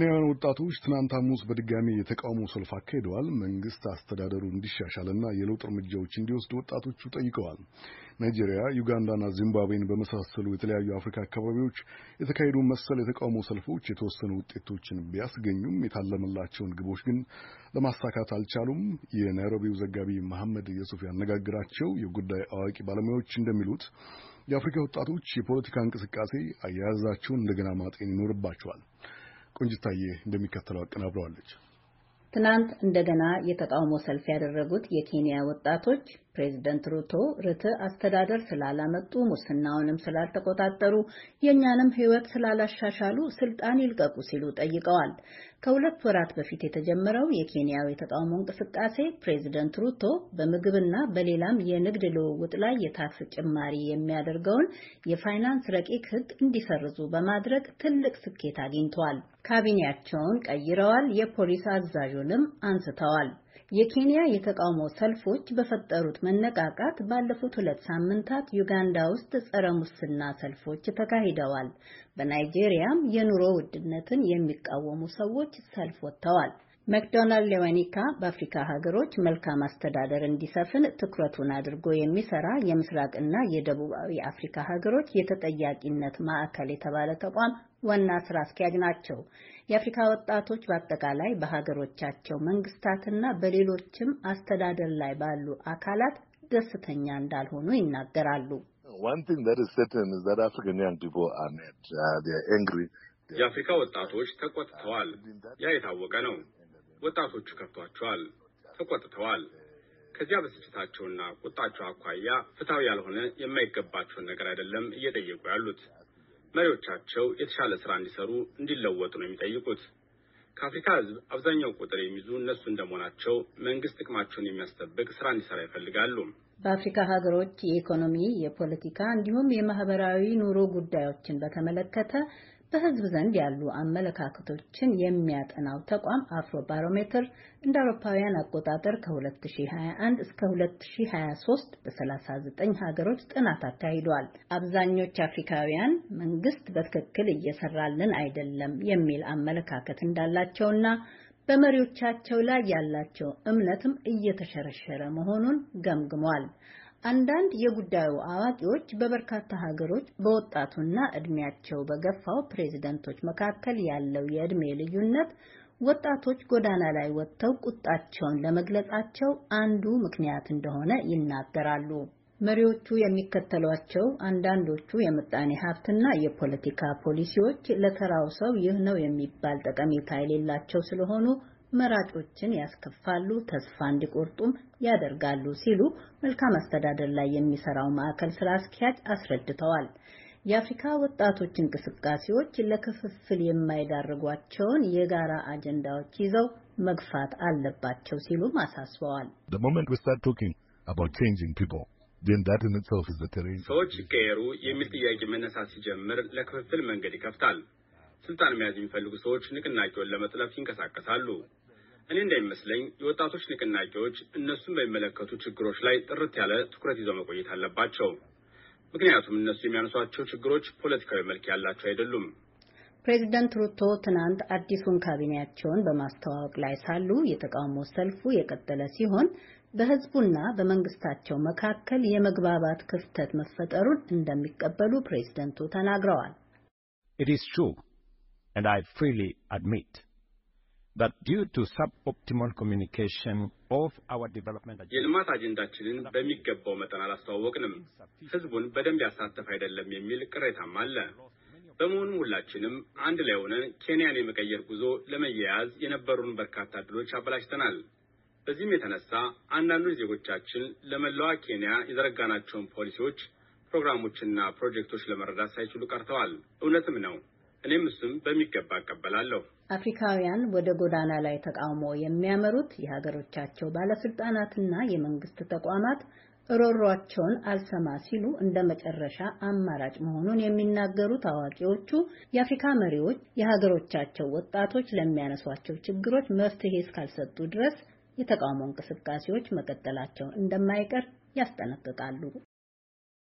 ኬንያውያን ወጣቶች ትናንት ሐሙስ በድጋሚ የተቃውሞ ሰልፍ አካሂደዋል። መንግስት አስተዳደሩ እንዲሻሻልና የለውጥ እርምጃዎች እንዲወስድ ወጣቶቹ ጠይቀዋል። ናይጄሪያ፣ ዩጋንዳና ዚምባብዌን በመሳሰሉ የተለያዩ አፍሪካ አካባቢዎች የተካሄዱ መሰል የተቃውሞ ሰልፎች የተወሰኑ ውጤቶችን ቢያስገኙም የታለመላቸውን ግቦች ግን ለማሳካት አልቻሉም። የናይሮቢው ዘጋቢ መሐመድ የሱፍ ያነጋግራቸው የጉዳይ አዋቂ ባለሙያዎች እንደሚሉት የአፍሪካ ወጣቶች የፖለቲካ እንቅስቃሴ አያያዛቸውን እንደገና ማጤን ይኖርባቸዋል። ቆንጅታዬ እንደሚከተለው አቀናብረዋለች። ትናንት እንደገና የተቃውሞ ሰልፍ ያደረጉት የኬንያ ወጣቶች ፕሬዚደንት ሩቶ ርትዕ አስተዳደር ስላላመጡ፣ ሙስናውንም ስላልተቆጣጠሩ፣ የእኛንም ሕይወት ስላላሻሻሉ ስልጣን ይልቀቁ ሲሉ ጠይቀዋል። ከሁለት ወራት በፊት የተጀመረው የኬንያው የተቃውሞ እንቅስቃሴ ፕሬዚደንት ሩቶ በምግብና በሌላም የንግድ ልውውጥ ላይ የታክስ ጭማሪ የሚያደርገውን የፋይናንስ ረቂቅ ሕግ እንዲሰርዙ በማድረግ ትልቅ ስኬት አግኝተዋል። ካቢኔያቸውን ቀይረዋል። የፖሊስ አዛዡንም አንስተዋል። የኬንያ የተቃውሞ ሰልፎች በፈጠሩት መነቃቃት ባለፉት ሁለት ሳምንታት ዩጋንዳ ውስጥ ጸረ ሙስና ሰልፎች ተካሂደዋል። በናይጄሪያም የኑሮ ውድነትን የሚቃወሙ ሰዎች ሰልፍ ወጥተዋል። መክዶናልድ ሌዋኒካ በአፍሪካ ሀገሮች መልካም አስተዳደር እንዲሰፍን ትኩረቱን አድርጎ የሚሰራ የምስራቅና የደቡባዊ አፍሪካ ሀገሮች የተጠያቂነት ማዕከል የተባለ ተቋም ዋና ስራ አስኪያጅ ናቸው። የአፍሪካ ወጣቶች በአጠቃላይ በሀገሮቻቸው መንግስታትና በሌሎችም አስተዳደር ላይ ባሉ አካላት ደስተኛ እንዳልሆኑ ይናገራሉ። uh, የአፍሪካ ወጣቶች ተቆጥተዋል። ያ የታወቀ ነው። ወጣቶቹ ከፍቷቸዋል፣ ተቆጥተዋል። ከዚያ ብስጭታቸውና ቁጣቸው አኳያ ፍትሐዊ ያልሆነ የማይገባቸውን ነገር አይደለም እየጠየቁ ያሉት። መሪዎቻቸው የተሻለ ስራ እንዲሰሩ፣ እንዲለወጡ ነው የሚጠይቁት። ከአፍሪካ ህዝብ አብዛኛው ቁጥር የሚይዙ እነሱ እንደመሆናቸው መንግስት ጥቅማቸውን የሚያስጠብቅ ስራ እንዲሰራ ይፈልጋሉ። በአፍሪካ ሀገሮች የኢኮኖሚ፣ የፖለቲካ እንዲሁም የማህበራዊ ኑሮ ጉዳዮችን በተመለከተ በህዝብ ዘንድ ያሉ አመለካከቶችን የሚያጠናው ተቋም አፍሮ ባሮሜትር እንደ አውሮፓውያን አቆጣጠር ከ2021 እስከ 2023 በ39 ሀገሮች ጥናት አካሂዷል። አብዛኞች አፍሪካውያን መንግስት በትክክል እየሰራልን አይደለም የሚል አመለካከት እንዳላቸውና በመሪዎቻቸው ላይ ያላቸው እምነትም እየተሸረሸረ መሆኑን ገምግሟል። አንዳንድ የጉዳዩ አዋቂዎች በበርካታ ሀገሮች በወጣቱና እድሜያቸው በገፋው ፕሬዚደንቶች መካከል ያለው የእድሜ ልዩነት ወጣቶች ጎዳና ላይ ወጥተው ቁጣቸውን ለመግለጻቸው አንዱ ምክንያት እንደሆነ ይናገራሉ። መሪዎቹ የሚከተሏቸው አንዳንዶቹ የምጣኔ ሀብትና የፖለቲካ ፖሊሲዎች ለተራው ሰው ይህ ነው የሚባል ጠቀሜታ የሌላቸው ስለሆኑ መራጮችን ያስከፋሉ፣ ተስፋ እንዲቆርጡም ያደርጋሉ ሲሉ መልካም አስተዳደር ላይ የሚሰራው ማዕከል ስራ አስኪያጅ አስረድተዋል። የአፍሪካ ወጣቶች እንቅስቃሴዎች ለክፍፍል የማይዳርጓቸውን የጋራ አጀንዳዎች ይዘው መግፋት አለባቸው ሲሉም አሳስበዋል። ሰዎች ሲቀየሩ የሚል ጥያቄ መነሳት ሲጀምር ለክፍፍል መንገድ ይከፍታል። ስልጣን መያዝ የሚፈልጉ ሰዎች ንቅናቄውን ለመጥለፍ ይንቀሳቀሳሉ። እኔ እንዳይመስለኝ የወጣቶች ንቅናቄዎች እነሱን በሚመለከቱ ችግሮች ላይ ጥርት ያለ ትኩረት ይዘው መቆየት አለባቸው። ምክንያቱም እነሱ የሚያነሷቸው ችግሮች ፖለቲካዊ መልክ ያላቸው አይደሉም። ፕሬዚደንት ሩቶ ትናንት አዲሱን ካቢኔያቸውን በማስተዋወቅ ላይ ሳሉ የተቃውሞ ሰልፉ የቀጠለ ሲሆን በሕዝቡና በመንግስታቸው መካከል የመግባባት ክፍተት መፈጠሩን እንደሚቀበሉ ፕሬዚደንቱ ተናግረዋል። It is true and I freely admit that due to suboptimal communication of our development agenda የልማት አጀንዳችንን በሚገባው መጠን አላስተዋወቅንም፣ ህዝቡን በደንብ ያሳተፍ አይደለም የሚል ቅሬታም አለ። በመሆኑም ሁላችንም አንድ ላይ ሆነን ኬንያን የመቀየር ጉዞ ለመያያዝ የነበሩን በርካታ እድሎች አበላሽተናል። በዚህም የተነሳ አንዳንዶች ዜጎቻችን ለመላዋ ኬንያ የዘረጋናቸውን ፖሊሲዎች፣ ፕሮግራሞችና ፕሮጀክቶች ለመረዳት ሳይችሉ ቀርተዋል። እውነትም ነው። እኔም እሱም በሚገባ እቀበላለሁ። አፍሪካውያን ወደ ጎዳና ላይ ተቃውሞ የሚያመሩት የሀገሮቻቸው ባለስልጣናትና የመንግስት ተቋማት እሮሯቸውን አልሰማ ሲሉ እንደ መጨረሻ አማራጭ መሆኑን የሚናገሩት ታዋቂዎቹ የአፍሪካ መሪዎች የሀገሮቻቸው ወጣቶች ለሚያነሷቸው ችግሮች መፍትሄ እስካልሰጡ ድረስ የተቃውሞ እንቅስቃሴዎች መቀጠላቸው እንደማይቀር ያስጠነቅቃሉ።